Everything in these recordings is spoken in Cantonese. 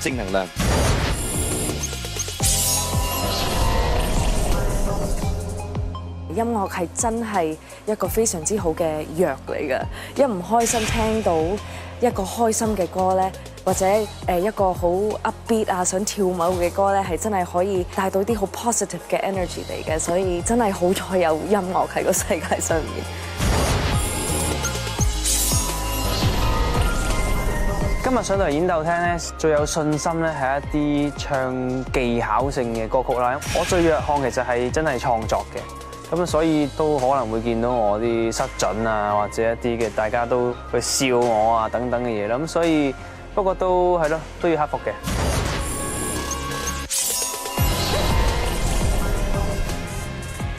正能量。音樂係真係一個非常之好嘅藥嚟㗎，一唔開心聽到一個開心嘅歌咧，或者誒一個好 upbeat 啊想跳舞嘅歌咧，係真係可以帶到啲好 positive 嘅 energy 嚟嘅，所以真係好彩有音樂喺個世界上面。今日上到嚟演鬥廳咧，最有信心咧係一啲唱技巧性嘅歌曲啦。我最弱項其實係真係創作嘅，咁所以都可能會見到我啲失準啊，或者一啲嘅大家都去笑我啊等等嘅嘢啦。咁所以不過都係咯，都要克服嘅。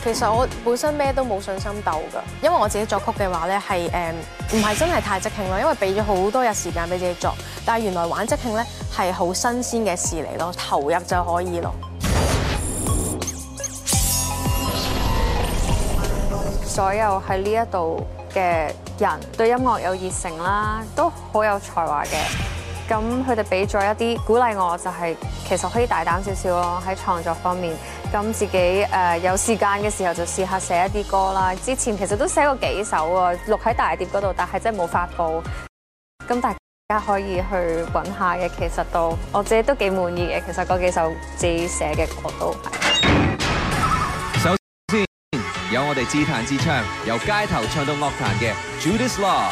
其實我本身咩都冇信心鬥㗎，因為我自己作曲嘅話咧，係誒唔係真係太即興咯，因為俾咗好多日時間俾自己作，但係原來玩即興咧係好新鮮嘅事嚟咯，投入就可以咯。所有喺呢一度嘅人對音樂有熱誠啦，都好有才華嘅。咁佢哋俾咗一啲鼓勵我，我就係、是、其實可以大膽少少咯喺創作方面。咁自己、呃、有時間嘅時候就試下寫一啲歌啦。之前其實都寫過幾首啊，錄喺大碟嗰度，但係真係冇發布。咁大家可以去揾下嘅，其實都我自己都幾滿意嘅。其實嗰幾首自己寫嘅歌都係。首先有我哋自彈自唱，由街頭唱到樂壇嘅 Judas Law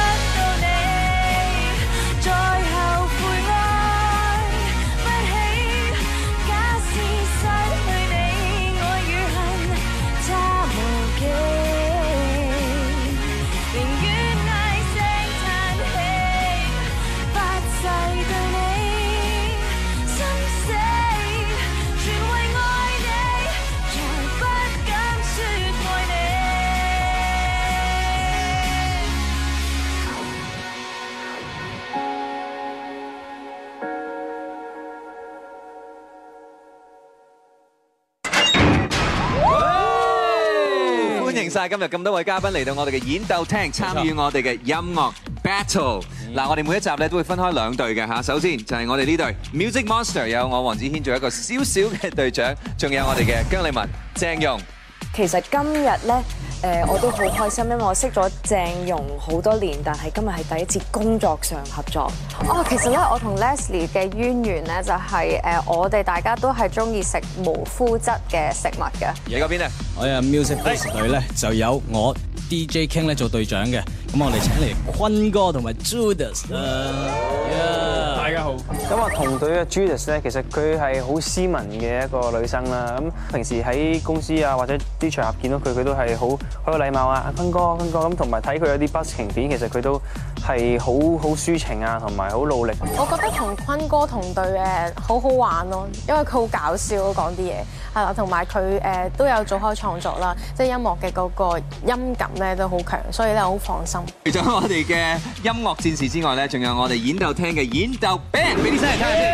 晒，今日咁多位嘉賓嚟到我哋嘅演奏廳參與錯我哋嘅音樂 battle。嗱，我哋每一集咧都會分開兩隊嘅嚇。首先就係我哋呢隊 Music Monster，有我黃子軒做一個小小嘅隊長，仲有我哋嘅姜麗文、鄭融。其實今日咧。誒我都好開心，因為我識咗鄭融好多年，但係今日係第一次工作上合作。哦，其實咧，我同 Leslie 嘅淵源咧就係、是、誒，我哋大家都係中意食無麩質嘅食物嘅。而嗰邊咧，我嘅 music band 隊咧的就有我 DJ King 咧做隊長嘅，咁我哋請嚟坤哥同埋 Judas、嗯。啦。Uh, yeah. 咁啊，同隊嘅 Judas 咧，其實佢係好斯文嘅一個女生啦。咁平時喺公司啊，或者啲場合見到佢，佢都係好，好有禮貌啊。阿坤哥，坤哥咁，同埋睇佢有啲愛情片，其實佢都，係好好抒情啊，同埋好努力。我覺得同坤哥同隊誒好好玩咯，因為佢好搞笑，講啲嘢，係啦，同埋佢誒都有做開創作啦，即係音樂嘅嗰個音感咧都好強，所以咧好放心。除咗我哋嘅音樂戰士之外咧，仲有我哋演奏廳嘅演奏 band，俾啲新人睇下先，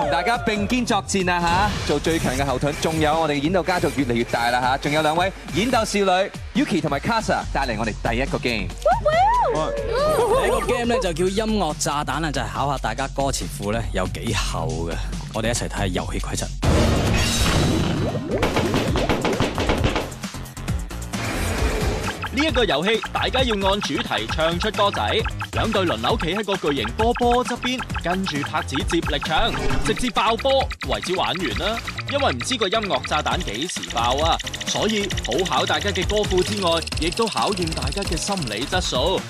同大家並肩作戰啊嚇，做最強嘅後盾。仲有我哋演奏家族越嚟越大啦嚇，仲有兩位演奏少女 Yuki 同埋 Casa，帶嚟我哋第一個 game。呢、啊啊、個 game 咧就叫音樂炸彈啦，就係、是、考下大家歌詞庫咧有幾厚嘅。我哋一齊睇下遊戲規則。呢一個遊戲，大家要按主題唱出歌仔。兩隊輪流企喺個巨型波波側邊，跟住拍子接力唱，直至爆波為止，玩完啦。因為唔知道個音樂炸彈幾時爆啊，所以好考大家嘅歌庫之外，亦都考驗大家嘅心理質素。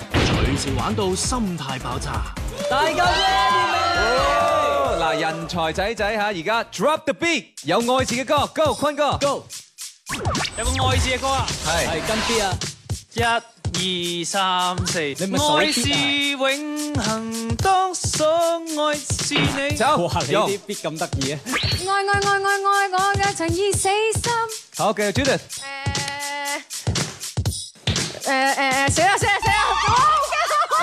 以前玩到心態爆炸，大家好。嗱，人才仔仔吓，而家 drop the beat，有愛字嘅歌，Go，坤哥，Go，有冇愛字嘅歌啊？係，係跟 B 啊，一二三四，愛是永恆，當所愛是你。走，哇，你啲 B 咁得意啊！愛愛愛愛愛我嘅情義死心。好，繼續，Judith。誒誒誒，死啦死啦死啦！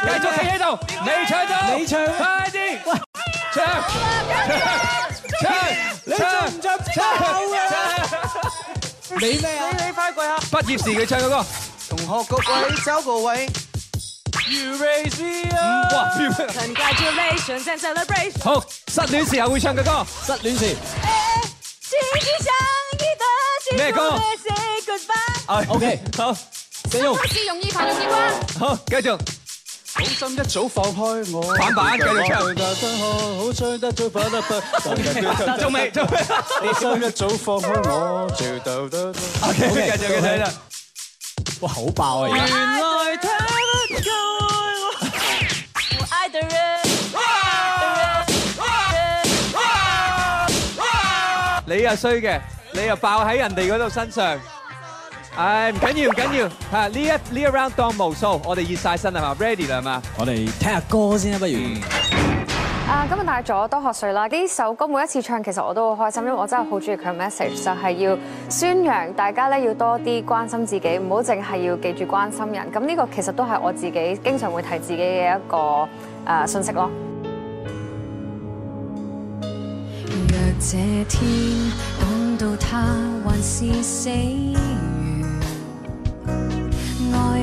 繼續企喺度，你唱到，你唱，快啲，唱，唱，唱，唱唔著，唱唔到啊！你咩啊？你你快跪下！畢業時佢唱嘅歌，同學各位，找個位，You raise me up。好，失戀時候會唱嘅歌，失戀時。咩歌？哎，OK，好，使用。好，繼續。好心一早放開我，板板繼續唱。好追得早，跑得快，有人叫。仲未？仲未？好心一早放開我。O K，繼續繼續。哇，好爆啊！原來他不夠愛我，不愛的人。你又衰嘅，你又爆喺人哋嗰度身上。誒，唔緊要，唔緊要吓，呢一呢 round 當無數，我哋熱曬身係嘛？Ready 啦係嘛？我哋聽下歌先啦不如？啊今日大咗，多喝水啦！呢首歌每一次唱，其實我都好開心，因為我真係好中意佢嘅 message，就係要宣揚大家咧要多啲關心自己，唔好淨係要記住關心人。咁呢個其實都係我自己經常會提自己嘅一個誒信息咯。若這天講到他還是死。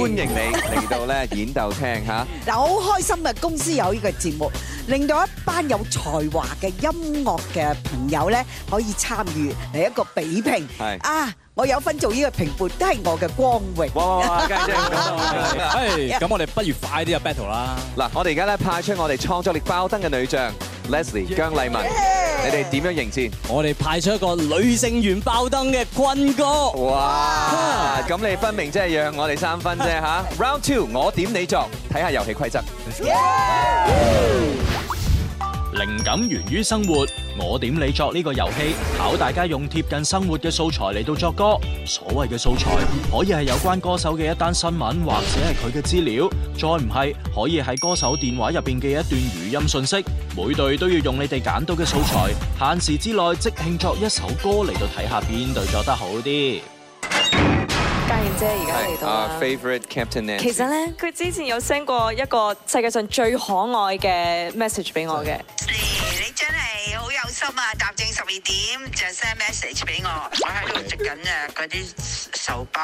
歡迎你嚟到咧演奏廳嚇！嗱，好開心嘅公司有呢個節目，令到一班有才華嘅音樂嘅朋友咧可以參與嚟一個比拼。係啊，我有份做呢個評判都係我嘅光榮。哇哇哇！咁啊，咁我哋不如快啲入 battle 啦！嗱，我哋而家咧派出我哋創作力爆燈嘅女將 Leslie 姜麗文。你哋點樣迎戰？我哋派出一個女性員爆燈嘅坤哥。哇！咁你分明即係讓我哋三分啫吓。啊啊、Round two，我點你作，睇下遊戲規則。靈感源於生活。我點你作呢個遊戲，考大家用貼近生活嘅素材嚟到作歌。所謂嘅素材可以係有關歌手嘅一單新聞，或者係佢嘅資料，再唔係可以喺歌手電話入邊嘅一段語音信息。每隊都要用你哋揀到嘅素材，限時之內即興作一首歌嚟到睇下邊隊作得好啲。家燕姐而家嚟到啦。Favorite Captain，其實咧佢之前有 send 過一個世界上最可愛嘅 message 俾我嘅。咁啊，答正十二點，就 send message 俾我，我喺度食緊啊嗰啲手包。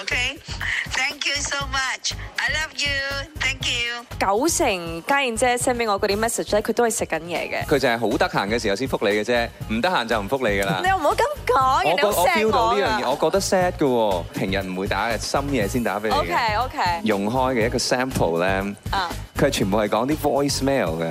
OK，thank you so much，I love you，thank you。九成家燕姐 send 俾我嗰啲 message 咧，佢都係食緊嘢嘅。佢就係好得閒嘅時候先復你嘅啫，唔得閒就唔復你噶啦。你又唔好咁講嘅，你好成講啦。我覺得 sad 嘅喎，平日唔會打嘅，深夜先打俾你嘅。OK OK。用開嘅一個 sample 咧，佢全部係講啲 voice mail 嘅。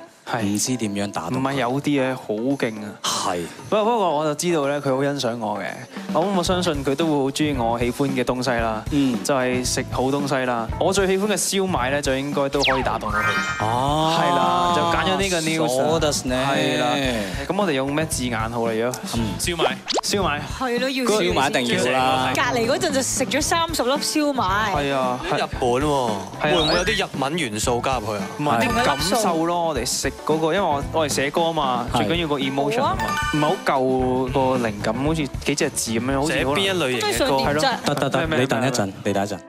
唔知點樣打動？同埋有啲嘢好勁啊！係，不過不過我就知道咧，佢好欣賞我嘅，咁我相信佢都會好中意我喜歡嘅東西啦。嗯，就係食好東西啦。我最喜歡嘅燒賣咧，就應該都可以打動到佢。哦，係啦，就揀咗呢個 new，係啦。咁我哋用咩字眼好咧？如果燒賣，燒賣，係咯，要燒賣一定要啦。隔離嗰陣就食咗三十粒燒賣。係啊，喺日本喎，會唔會有啲日文元素加入去啊？唔係啲感受咯，我哋食。嗰個，因為我我係寫歌啊嘛，最緊要個 emotion，唔係好夠個靈感，好似幾隻字咁樣，好似寫邊一類型嘅歌，係咯，得得得，你等一陣，你等一陣，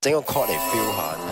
整個 call 嚟 feel 下。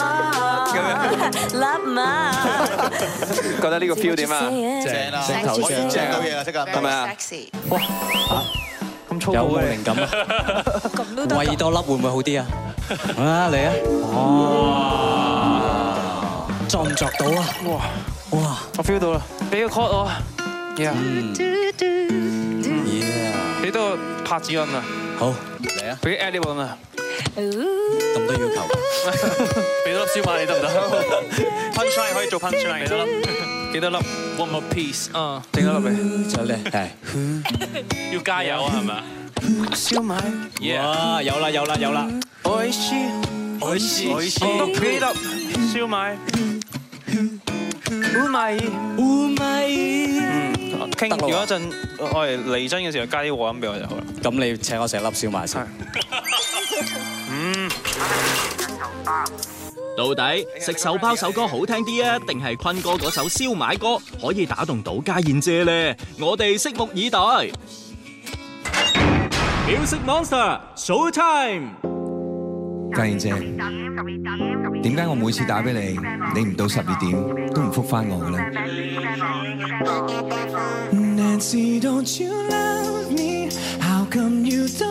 Love，覺得呢個 feel 點啊？正啊，好正，好嘢啊，即刻！係咪啊？哇，咁粗有冇靈感啊？咁都得，喂多粒會唔會好啲啊？啊，嚟啊！哇，作唔作到啊？哇哇，我 feel 到啦，俾個 call 我啊，yeah，俾多拍子音啊，好嚟啊，very audible 啊！咁多要求，俾多粒燒賣你得唔得？Sunshine 可以做 Sunshine，幾多粒？幾多粒？One more piece，嗯，整多粒俾？就靚，係，要加油啊，係咪？燒賣，哇，有啦有啦有啦，Oishi，Oishi，Oishi，多幾粒燒賣，唔買，唔買，嗯，等如果一陣我哋嚟真嘅時候加啲和音俾我就好啦。咁你請我成粒燒賣先。嗯，到底食手包首歌好聽啲啊，定係坤哥嗰首燒賣歌可以打動到家燕姐呢？我哋拭目以待。Music Monster Show Time，家燕姐，點解我每次打俾你，你唔到十二點都唔覆翻我嘅呢？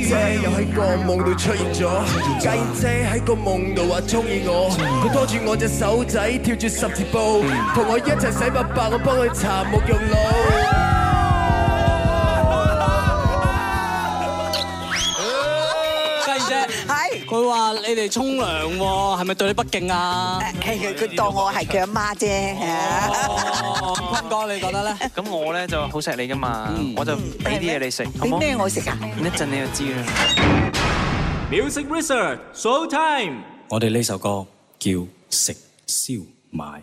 姐 又喺個夢度出現咗，雞姐喺個夢度話中意我，佢拖住我隻手仔，跳住十字步，同我一齊洗白白，我幫佢搽沐浴露。佢話你哋沖涼喎，係咪對你不敬啊？佢佢當我係佢阿媽啫嚇。坤哥，你覺得咧？咁我咧就好錫你噶嘛，我就俾啲嘢你食，好冇？俾咩我食㗎？一陣你就知啦。Music Research Show Time。我哋呢首歌叫食燒賣。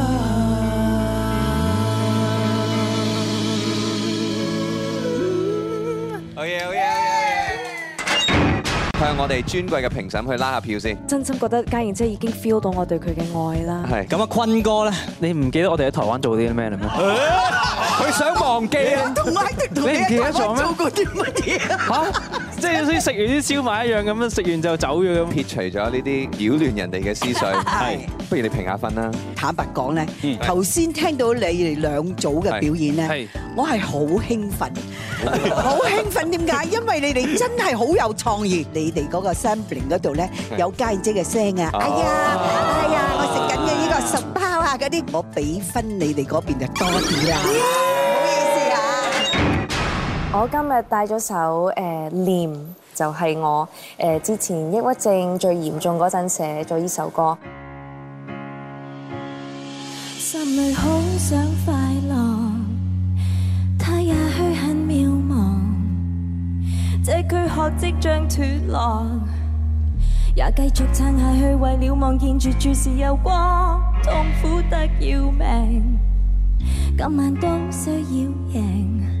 我要，我要，向我哋尊貴嘅評審去拉下票先。真心覺得家燕姐已經 feel 到我對佢嘅愛啦。係，咁啊坤哥咧，你唔記得我哋喺台灣做啲咩嚟？咩、啊？佢想忘記啊！你唔記得做咩？你記得做過啲乜嘢啊？即係好似食完啲燒賣一樣咁啊！食完就走咗咁。撇除咗呢啲擾亂人哋嘅思緒。係，不如你評下分啦。坦白講咧，頭先聽到你哋兩組嘅表演咧，我係好興奮，好興奮，點解？因為你哋真係好有創意，你哋嗰個 sampling 嗰度咧，有雞精嘅聲啊！哎呀，哎呀，我食緊嘅呢個十包啊，嗰啲。我俾分你哋嗰邊就多啲啦。我今日帶咗首誒、呃《念》就是，就係我誒之前抑鬱症最嚴重嗰陣寫咗呢首歌。心裏好想快樂，他也許很渺茫，這軀殼即將脫落，也繼續撐下去，為了望見絕處時有光，痛苦得要命，今晚都需要贏。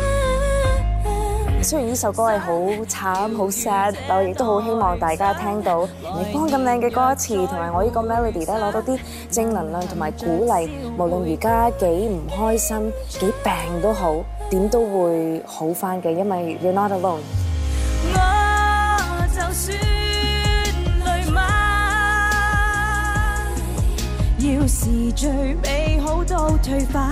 雖然呢首歌係好慘、好 sad，但我亦都好希望大家聽到《逆光》咁靚嘅歌詞，同埋我呢個 melody 都攞到啲正能量同埋鼓勵。無論而家幾唔開心、幾病都好，點都會好翻嘅，因為 You're Not Alone。我就算累嗎，要是最美好都退化。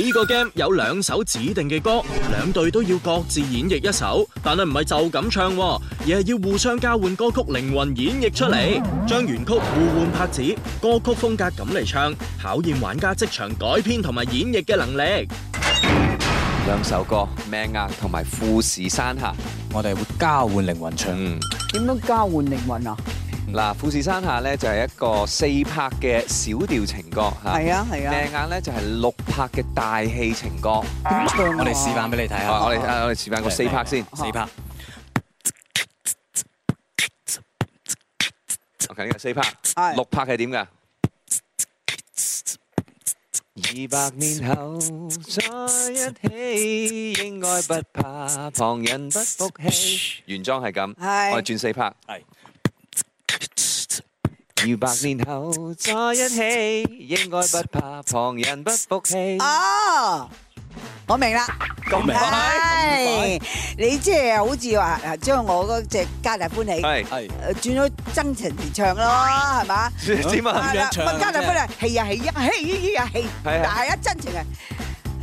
呢個 game 有兩首指定嘅歌，兩隊都要各自演繹一首，但係唔係就咁唱，而係要互相交換歌曲靈魂演繹出嚟，將原曲互換拍子，歌曲風格咁嚟唱，考驗玩家即場改編同埋演繹嘅能力。兩首歌《命硬》同埋《富士山下》，我哋會交換靈魂唱。點樣交換靈魂啊？嗱，富士山下咧就係一個四拍嘅小調情歌嚇，係啊係啊，靚眼咧就係六拍嘅大氣情歌。我哋示範俾你睇下，我哋我哋示範個四拍先，四拍。OK，四拍，六拍係點㗎？二百年後再一起，應該不怕旁人不服氣。原裝係咁，我哋轉四拍。要百年後再一起，應該不怕旁人不服氣。哦，我明啦，咁明係你即係好似話，將我嗰隻皆大歡喜係係轉咗真情嚟唱咯，係嘛？只問皆大歡喜，氣呀氣呀氣呀氣，係啊，真情啊！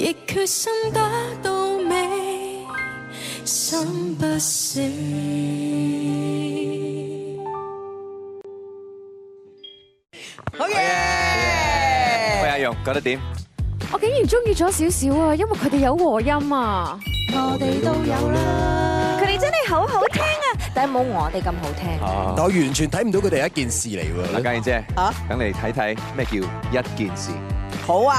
亦決心打到尾，心不死。好嘅，好喂，阿融，覺得點？我竟然中意咗少少啊，因為佢哋有和音啊，我哋都有啦。佢哋真係好好聽啊，但係冇我哋咁好聽。啊、但我完全睇唔到佢哋係一件事嚟喎。阿家燕姐，啊，等你睇睇咩叫一件事。好啊。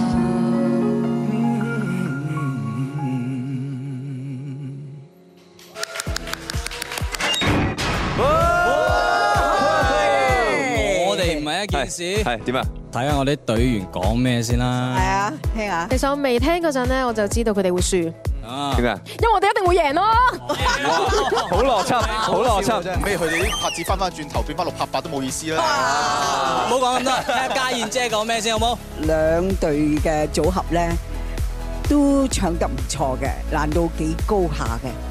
係點啊？睇下我啲隊員講咩先啦。係啊，聽下。其實我未聽嗰陣咧，我就知道佢哋會輸。啊，點啊？因為我哋一定會贏咯。好邏輯，好邏輯。咩？佢哋啲拍子翻翻轉頭變翻六拍八都冇意思啦。唔好講咁多。睇下家燕姐講咩先好冇？兩隊嘅組合咧，都唱得唔錯嘅，難度幾高下嘅。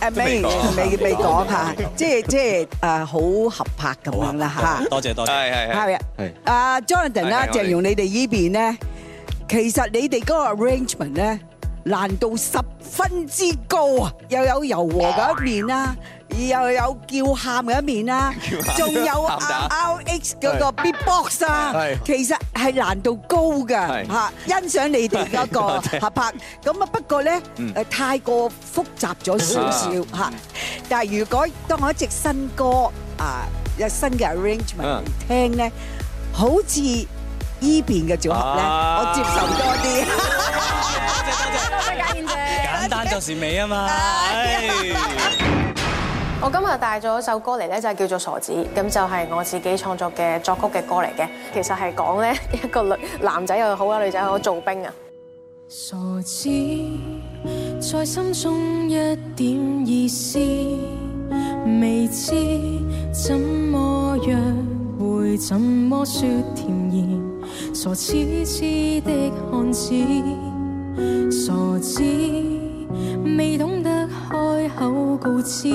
阿 May 未未講嚇，即係即係誒好合拍咁樣啦嚇，多謝多謝，係係係。阿 Jonathan 啦，鄭融你哋依邊咧，其實你哋嗰個 arrangement 咧難度十分之高啊，又有柔和嗰一面啦。又有叫喊嘅一面啦，仲有 RX 嗰個 Beatbox 啊，其實係難度高嘅吓，欣賞你哋嗰個合拍，咁啊不過咧，誒太過複雜咗少少吓。但係如果當我一隻新歌啊，有新嘅 Arrangement 嚟聽咧，好似呢邊嘅組合咧，我接受多啲。多謝多謝多謝家燕姐，簡單就是美啊嘛。我今日帶咗首歌嚟咧，就係叫做《傻子》，咁就係、是、我自己創作嘅作曲嘅歌嚟嘅。其實係講咧一個女男仔又好啦，女仔又好，做兵啊。傻子在心中一點意思，未知怎麼樣會，怎麼說甜言？傻痴痴的漢子，傻子未懂得開口告知。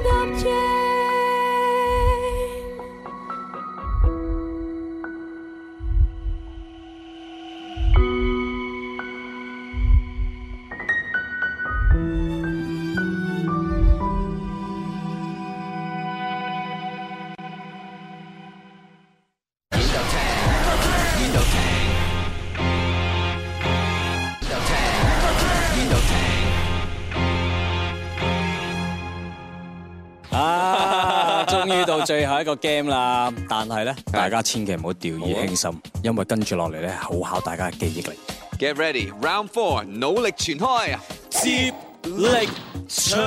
一個 game 啦，但係咧，大家千祈唔好掉以輕心，因為跟住落嚟咧，好考大家嘅記憶力。Get ready，round four，腦力全開啊！接力唱，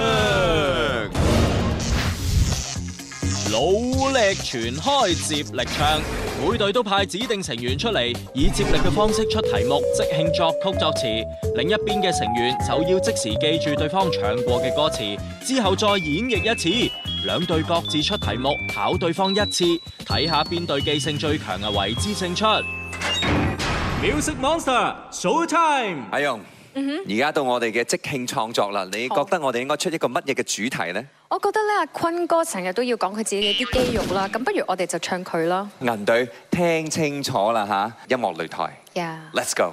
腦力全開接力唱，每隊都派指定成員出嚟，以接力嘅方式出題目，即興作曲作詞，另一邊嘅成員就要即時記住對方唱過嘅歌詞，之後再演繹一次。兩隊各自出題目考對方一次，睇下邊隊記性最強啊，為之勝出。Music Monster Show Time，阿勇，而家、mm hmm. 到我哋嘅即興創作啦，你覺得我哋應該出一個乜嘢嘅主題呢？好我覺得咧，阿坤哥成日都要講佢自己嘅啲肌肉啦，咁不如我哋就唱佢囉。銀隊聽清楚啦吓，音樂擂台 Yeah.，Let's go。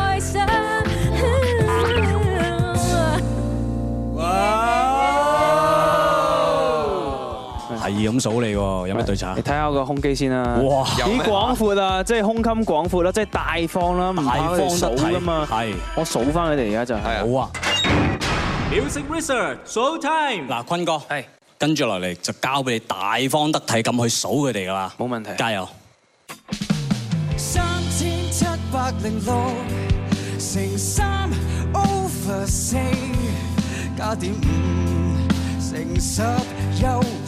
咁數你喎，有咩對策？你睇下個胸肌先啦。哇，幾廣闊啊！即係胸襟廣闊啦，即係大方啦，唔怕去數啦嘛。係，就是，我數翻佢哋而家就係。好啊。Music research，數 time。嗱，坤哥，係，跟住落嚟就交俾你大方得體咁去數佢哋啦。冇問題，加油。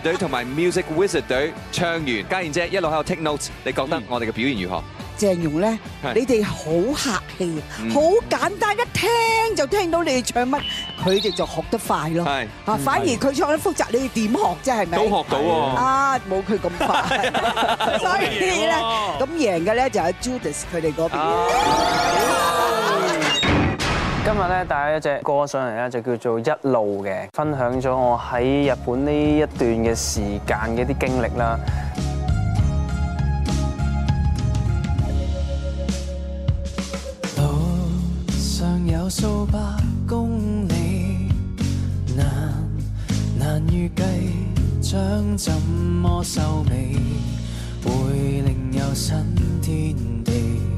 隊同埋 Music Wizard 隊唱完，家燕姐一路喺度 take notes，你覺得我哋嘅表現如何？鄭融咧，你哋好客氣，好簡單，一聽就聽到你哋唱乜，佢哋就學得快咯。係啊，反而佢唱得複雜，你哋點學啫？係咪？都學到啊，冇佢咁快。所以咧，咁贏嘅咧就係 Judas 佢哋嗰邊。今日呢帶一隻歌上嚟呢，就叫做《一路》嘅，分享咗我喺日本呢一段嘅時間嘅啲經歷啦。路上有數百公里，難難預計將怎麼收尾，會另有新天地。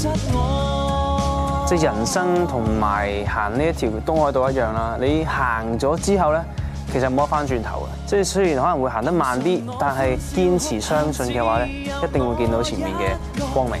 即、就、係、是、人生同埋行呢一條東海道一樣啦，你行咗之後咧，其實冇得翻轉頭嘅。即係雖然可能會行得慢啲，但係堅持相信嘅話咧，一定會見到前面嘅光明。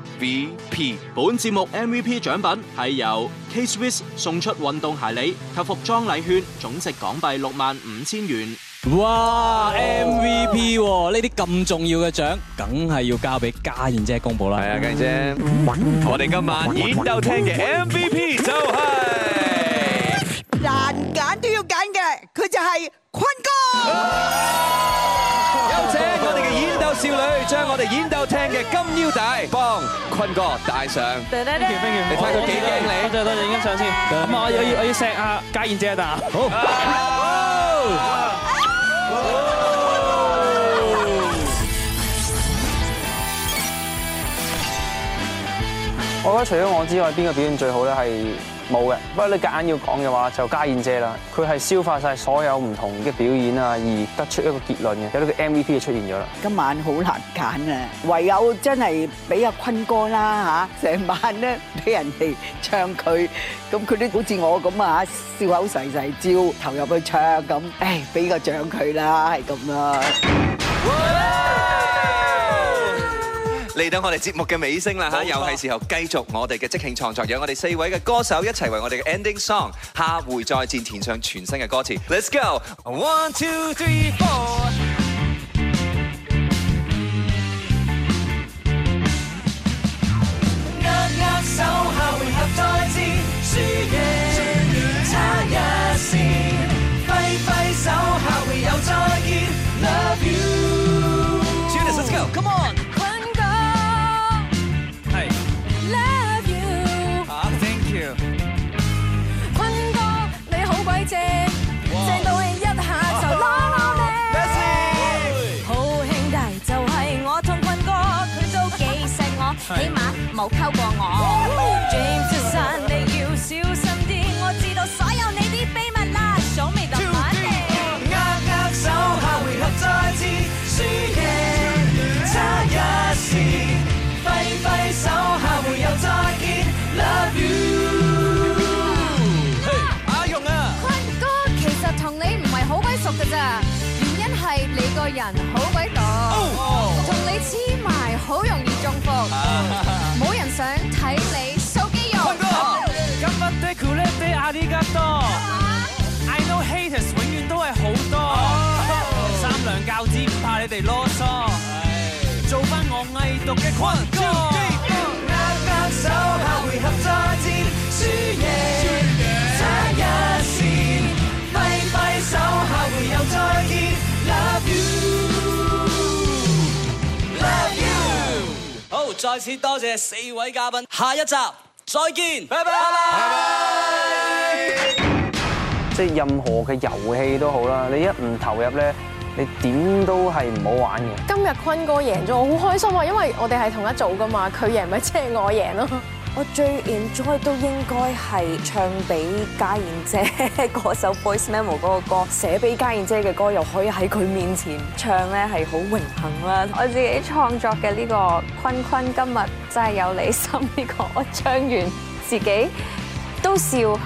MVP 本節目 MVP 獎品係由 K Swiss 送出運動鞋禮及服裝禮券，總值港幣六萬五千元。哇！MVP 呢啲咁重要嘅獎，梗係要交俾家燕姐公布啦。係啊，家燕姐，我哋今晚演鬥廳嘅 MVP 就係難揀都要揀嘅，佢就係。坤哥，有請我哋嘅演鬥少女將我哋演鬥廳嘅金腰帶幫坤哥戴上，謝謝。你睇佢幾怕你？我再多影張相先。咁啊，我要我要錫啊家燕姐一啖。好，好。我覺得除咗我之外，邊個表演最好咧？係冇嘅。不過你夾硬要講嘅話，就家燕姐啦。佢係消化曬所有唔同嘅表演啊，而得出一個結論嘅。有啲個 MVP 就出現咗啦。今晚好難揀啊！唯有真係俾阿坤哥啦嚇，成晚咧俾人哋唱佢，咁佢都好似我咁啊嚇，笑口細細招，投入去唱咁。唉，俾個獎佢啦，係咁啦。嚟到我哋節目嘅尾聲啦嚇，又係時候繼續我哋嘅即興創作，有我哋四位嘅歌手一齊為我哋嘅 ending song 下回再戰填上全新嘅歌詞 Let's go one two three four。握握手，下回合再戰輸贏。起碼冇溝過我。多，I know haters 永遠都係好多，三娘教子唔怕你哋囉嗦，做翻我偽毒嘅坤哥。握握手，下回合再戰，輸贏差一線，揮揮手，下回又再見，Love you，Love you。好，再次多謝四位嘉賓，下一集。再見，拜拜。即係任何嘅遊戲都好啦，你一唔投入咧，你點都係唔好玩嘅。今日坤哥贏咗，我好開心啊！因為我哋係同一組㗎嘛，佢贏咪即係我贏咯。我最 enjoy 都應該係唱俾家燕姐嗰首《Voice Memo》嗰個歌，寫俾家燕姐嘅歌，又可以喺佢面前唱咧，係好榮幸啦！我自己創作嘅呢個《坤坤今日真係有你心》呢個，我唱完自己都笑。